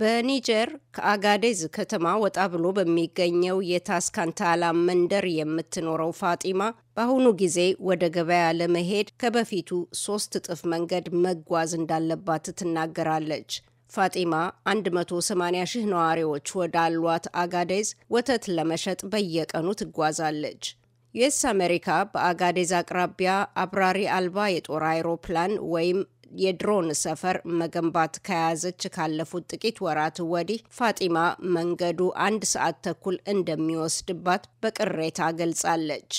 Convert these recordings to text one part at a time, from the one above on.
በኒጀር ከአጋዴዝ ከተማ ወጣ ብሎ በሚገኘው የታስካንታላ መንደር የምትኖረው ፋጢማ በአሁኑ ጊዜ ወደ ገበያ ለመሄድ ከበፊቱ ሶስት እጥፍ መንገድ መጓዝ እንዳለባት ትናገራለች። ፋጢማ 180 ሺህ ነዋሪዎች ወዳሏት አጋዴዝ ወተት ለመሸጥ በየቀኑ ትጓዛለች። ዩኤስ አሜሪካ በአጋዴዝ አቅራቢያ አብራሪ አልባ የጦር አይሮፕላን ወይም የድሮን ሰፈር መገንባት ከያዘች ካለፉት ጥቂት ወራት ወዲህ ፋጢማ መንገዱ አንድ ሰዓት ተኩል እንደሚወስድባት በቅሬታ ገልጻለች።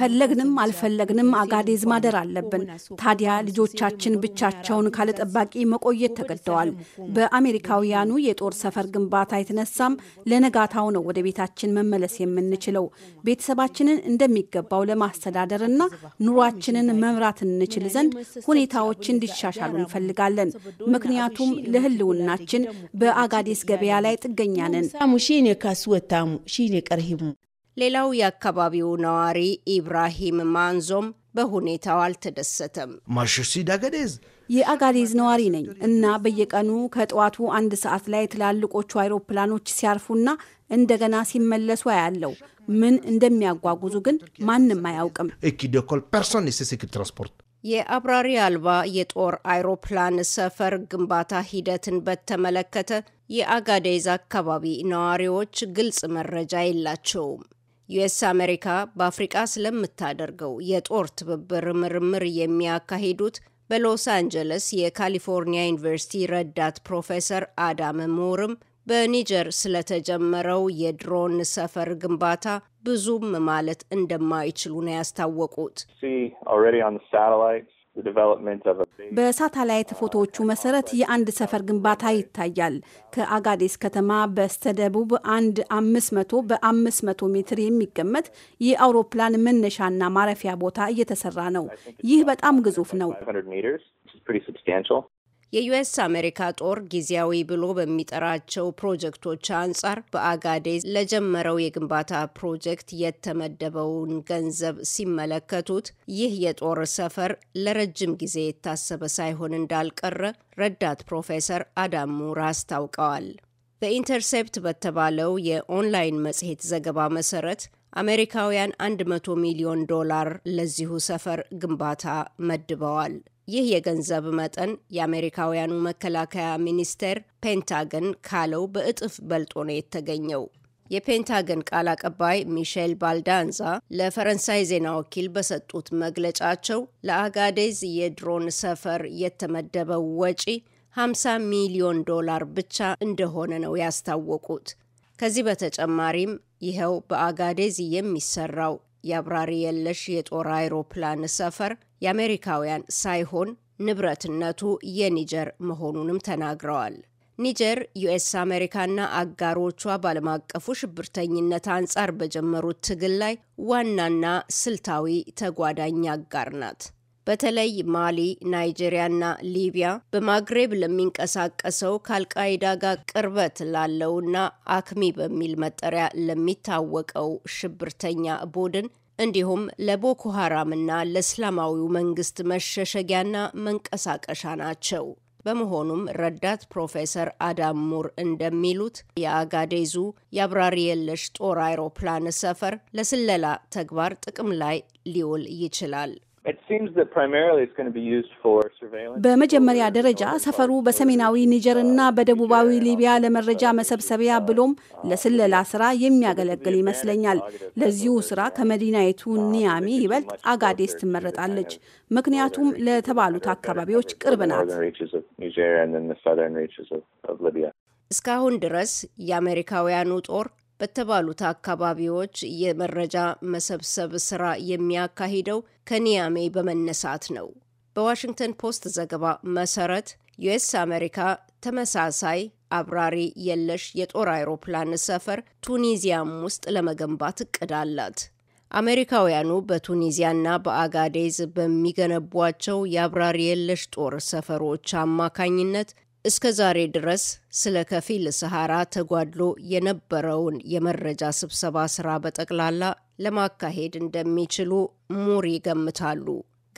ፈለግንም አልፈለግንም አጋዴዝ ማደር አለብን። ታዲያ ልጆቻችን ብቻቸውን ካለጠባቂ መቆየት ተገደዋል። በአሜሪካውያኑ የጦር ሰፈር ግንባታ የተነሳም ለነጋታው ነው ወደ ቤታችን መመለስ የምንችለው። ቤተሰባችንን እንደሚገባው ለማስተዳደር እና ኑሯችንን መምራት መስራት እንችል ዘንድ ሁኔታዎች እንዲሻሻሉ እንፈልጋለን። ምክንያቱም ለህልውናችን በአጋዴስ ገበያ ላይ ጥገኛ ነን። ሌላው የአካባቢው ነዋሪ ኢብራሂም ማንዞም በሁኔታው አልተደሰተም። የአጋዴዝ ነዋሪ ነኝ እና በየቀኑ ከጠዋቱ አንድ ሰዓት ላይ ትላልቆቹ አይሮፕላኖች ሲያርፉና እንደገና ሲመለሱ ያለው ምን እንደሚያጓጉዙ ግን ማንም አያውቅም። የአብራሪ አልባ የጦር አይሮፕላን ሰፈር ግንባታ ሂደትን በተመለከተ የአጋዴዝ አካባቢ ነዋሪዎች ግልጽ መረጃ የላቸውም። ዩኤስ አሜሪካ በአፍሪቃ ስለምታደርገው የጦር ትብብር ምርምር የሚያካሂዱት በሎስ አንጀለስ የካሊፎርኒያ ዩኒቨርሲቲ ረዳት ፕሮፌሰር አዳም ሞርም በኒጀር ስለተጀመረው የድሮን ሰፈር ግንባታ ብዙም ማለት እንደማይችሉ ነው ያስታወቁት። በሳተላይት ፎቶዎቹ መሰረት የአንድ ሰፈር ግንባታ ይታያል። ከአጋዴስ ከተማ በስተደቡብ አንድ አምስት መቶ በአምስት መቶ ሜትር የሚገመት የአውሮፕላን መነሻና ማረፊያ ቦታ እየተሰራ ነው። ይህ በጣም ግዙፍ ነው። የዩኤስ አሜሪካ ጦር ጊዜያዊ ብሎ በሚጠራቸው ፕሮጀክቶች አንጻር በአጋዴ ለጀመረው የግንባታ ፕሮጀክት የተመደበውን ገንዘብ ሲመለከቱት ይህ የጦር ሰፈር ለረጅም ጊዜ የታሰበ ሳይሆን እንዳልቀረ ረዳት ፕሮፌሰር አዳም ሙር አስታውቀዋል። በኢንተርሴፕት በተባለው የኦንላይን መጽሔት ዘገባ መሰረት አሜሪካውያን 100 ሚሊዮን ዶላር ለዚሁ ሰፈር ግንባታ መድበዋል። ይህ የገንዘብ መጠን የአሜሪካውያኑ መከላከያ ሚኒስቴር ፔንታገን ካለው በእጥፍ በልጦ ነው የተገኘው። የፔንታገን ቃል አቀባይ ሚሼል ባልዳንዛ ለፈረንሳይ ዜና ወኪል በሰጡት መግለጫቸው ለአጋዴዝ የድሮን ሰፈር የተመደበው ወጪ 50 ሚሊዮን ዶላር ብቻ እንደሆነ ነው ያስታወቁት። ከዚህ በተጨማሪም ይኸው በአጋዴዝ የሚሰራው የአብራሪ የለሽ የጦር አይሮፕላን ሰፈር የአሜሪካውያን ሳይሆን ንብረትነቱ የኒጀር መሆኑንም ተናግረዋል። ኒጀር ዩኤስ አሜሪካና አጋሮቿ በዓለም አቀፉ ሽብርተኝነት አንጻር በጀመሩት ትግል ላይ ዋናና ስልታዊ ተጓዳኝ አጋር ናት። በተለይ ማሊ፣ ናይጄሪያና ሊቢያ በማግሬብ ለሚንቀሳቀሰው ከአልቃይዳ ጋር ቅርበት ላለውና አክሚ በሚል መጠሪያ ለሚታወቀው ሽብርተኛ ቡድን እንዲሁም ለቦኮ ሀራምና ለእስላማዊው መንግስት መሸሸጊያና መንቀሳቀሻ ናቸው። በመሆኑም ረዳት ፕሮፌሰር አዳም ሙር እንደሚሉት የአጋዴዙ የአብራሪ የለሽ ጦር አይሮፕላን ሰፈር ለስለላ ተግባር ጥቅም ላይ ሊውል ይችላል። በመጀመሪያ ደረጃ ሰፈሩ በሰሜናዊ ኒጀር እና በደቡባዊ ሊቢያ ለመረጃ መሰብሰቢያ ብሎም ለስለላ ስራ የሚያገለግል ይመስለኛል። ለዚሁ ስራ ከመዲናይቱ ኒያሚ ይበልጥ አጋዴስ ትመረጣለች፣ ምክንያቱም ለተባሉት አካባቢዎች ቅርብ ናት። እስካሁን ድረስ የአሜሪካውያኑ ጦር በተባሉት አካባቢዎች የመረጃ መሰብሰብ ስራ የሚያካሂደው ከኒያሜ በመነሳት ነው። በዋሽንግተን ፖስት ዘገባ መሰረት ዩኤስ አሜሪካ ተመሳሳይ አብራሪ የለሽ የጦር አይሮፕላን ሰፈር ቱኒዚያም ውስጥ ለመገንባት እቅድ አላት። አሜሪካውያኑ በቱኒዚያና በአጋዴዝ በሚገነቧቸው የአብራሪ የለሽ ጦር ሰፈሮች አማካኝነት እስከ ዛሬ ድረስ ስለ ከፊል ሰሐራ ተጓድሎ የነበረውን የመረጃ ስብሰባ ስራ በጠቅላላ ለማካሄድ እንደሚችሉ ሙር ይገምታሉ።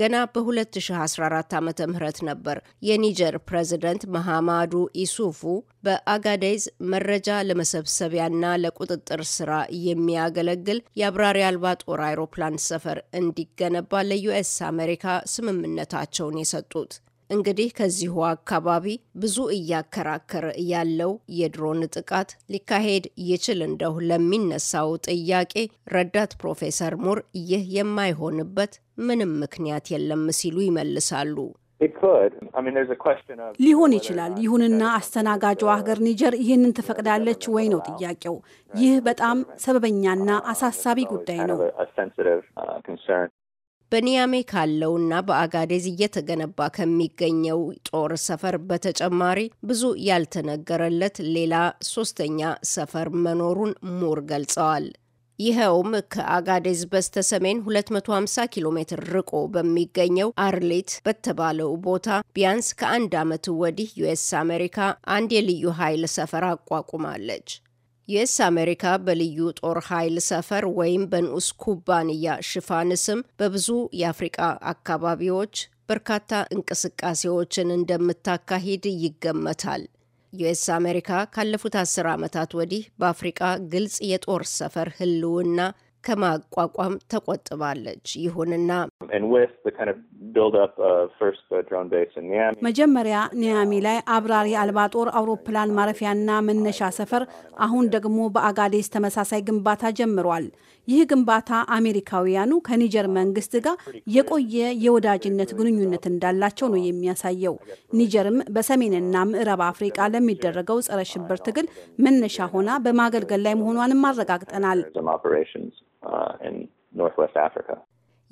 ገና በ2014 ዓ ም ነበር የኒጀር ፕሬዚደንት መሐማዱ ኢሱፉ በአጋዴዝ መረጃ ለመሰብሰቢያና ለቁጥጥር ስራ የሚያገለግል የአብራሪ አልባ ጦር አይሮፕላን ሰፈር እንዲገነባ ለዩኤስ አሜሪካ ስምምነታቸውን የሰጡት። እንግዲህ ከዚሁ አካባቢ ብዙ እያከራከረ ያለው የድሮን ጥቃት ሊካሄድ ይችል እንደሁ ለሚነሳው ጥያቄ ረዳት ፕሮፌሰር ሙር ይህ የማይሆንበት ምንም ምክንያት የለም ሲሉ ይመልሳሉ። ሊሆን ይችላል። ይሁንና አስተናጋጇ ሀገር ኒጀር ይህንን ትፈቅዳለች ወይ ነው ጥያቄው። ይህ በጣም ሰበበኛና አሳሳቢ ጉዳይ ነው። በኒያሜ ካለውና በአጋዴዝ እየተገነባ ከሚገኘው ጦር ሰፈር በተጨማሪ ብዙ ያልተነገረለት ሌላ ሶስተኛ ሰፈር መኖሩን ሙር ገልጸዋል። ይኸውም ከአጋዴዝ በስተ ሰሜን 250 ኪሎ ሜትር ርቆ በሚገኘው አርሌት በተባለው ቦታ ቢያንስ ከአንድ ዓመት ወዲህ ዩኤስ አሜሪካ አንድ የልዩ ኃይል ሰፈር አቋቁማለች። ዩኤስ አሜሪካ በልዩ ጦር ኃይል ሰፈር ወይም በንዑስ ኩባንያ ሽፋን ስም በብዙ የአፍሪቃ አካባቢዎች በርካታ እንቅስቃሴዎችን እንደምታካሂድ ይገመታል። ዩኤስ አሜሪካ ካለፉት አስር ዓመታት ወዲህ በአፍሪቃ ግልጽ የጦር ሰፈር ህልውና ከማቋቋም ተቆጥባለች። ይሁንና መጀመሪያ ኒያሚ ላይ አብራሪ አልባ ጦር አውሮፕላን ማረፊያና መነሻ ሰፈር፣ አሁን ደግሞ በአጋዴስ ተመሳሳይ ግንባታ ጀምሯል። ይህ ግንባታ አሜሪካውያኑ ከኒጀር መንግስት ጋር የቆየ የወዳጅነት ግንኙነት እንዳላቸው ነው የሚያሳየው። ኒጀርም በሰሜንና ምዕራብ አፍሪቃ ለሚደረገው ጸረ ሽብር ትግል መነሻ ሆና በማገልገል ላይ መሆኗንም አረጋግጠናል። Uh, in Northwest Africa.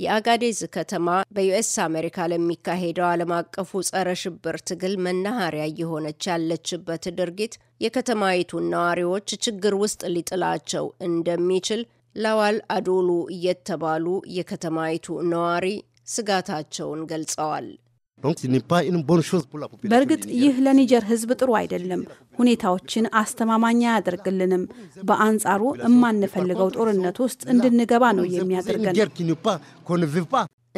የአጋዴዝ ከተማ በዩኤስ አሜሪካ ለሚካሄደው ዓለም አቀፉ ጸረ ሽብር ትግል መናኸሪያ እየሆነች ያለችበት ድርጊት የከተማይቱን ነዋሪዎች ችግር ውስጥ ሊጥላቸው እንደሚችል ላዋል አዶሉ እየተባሉ የከተማይቱ ነዋሪ ስጋታቸውን ገልጸዋል። በእርግጥ ይህ ለኒጀር ሕዝብ ጥሩ አይደለም። ሁኔታዎችን አስተማማኝ አያደርግልንም። በአንጻሩ የማንፈልገው ጦርነት ውስጥ እንድንገባ ነው የሚያደርገን።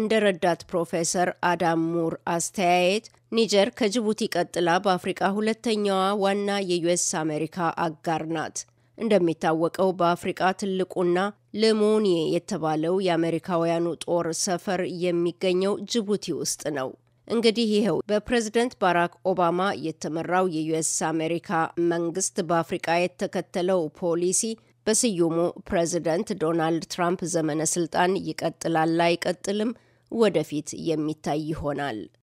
እንደ ረዳት ፕሮፌሰር አዳም ሙር አስተያየት ኒጀር ከጅቡቲ ቀጥላ በአፍሪቃ ሁለተኛዋ ዋና የዩኤስ አሜሪካ አጋር ናት። እንደሚታወቀው በአፍሪቃ ትልቁና ለሞኒ የተባለው የአሜሪካውያኑ ጦር ሰፈር የሚገኘው ጅቡቲ ውስጥ ነው። እንግዲህ ይኸው በፕሬዝደንት ባራክ ኦባማ የተመራው የዩኤስ አሜሪካ መንግስት በአፍሪቃ የተከተለው ፖሊሲ በስዩሙ ፕሬዝደንት ዶናልድ ትራምፕ ዘመነ ስልጣን ይቀጥላል አይቀጥልም፣ ወደፊት የሚታይ ይሆናል።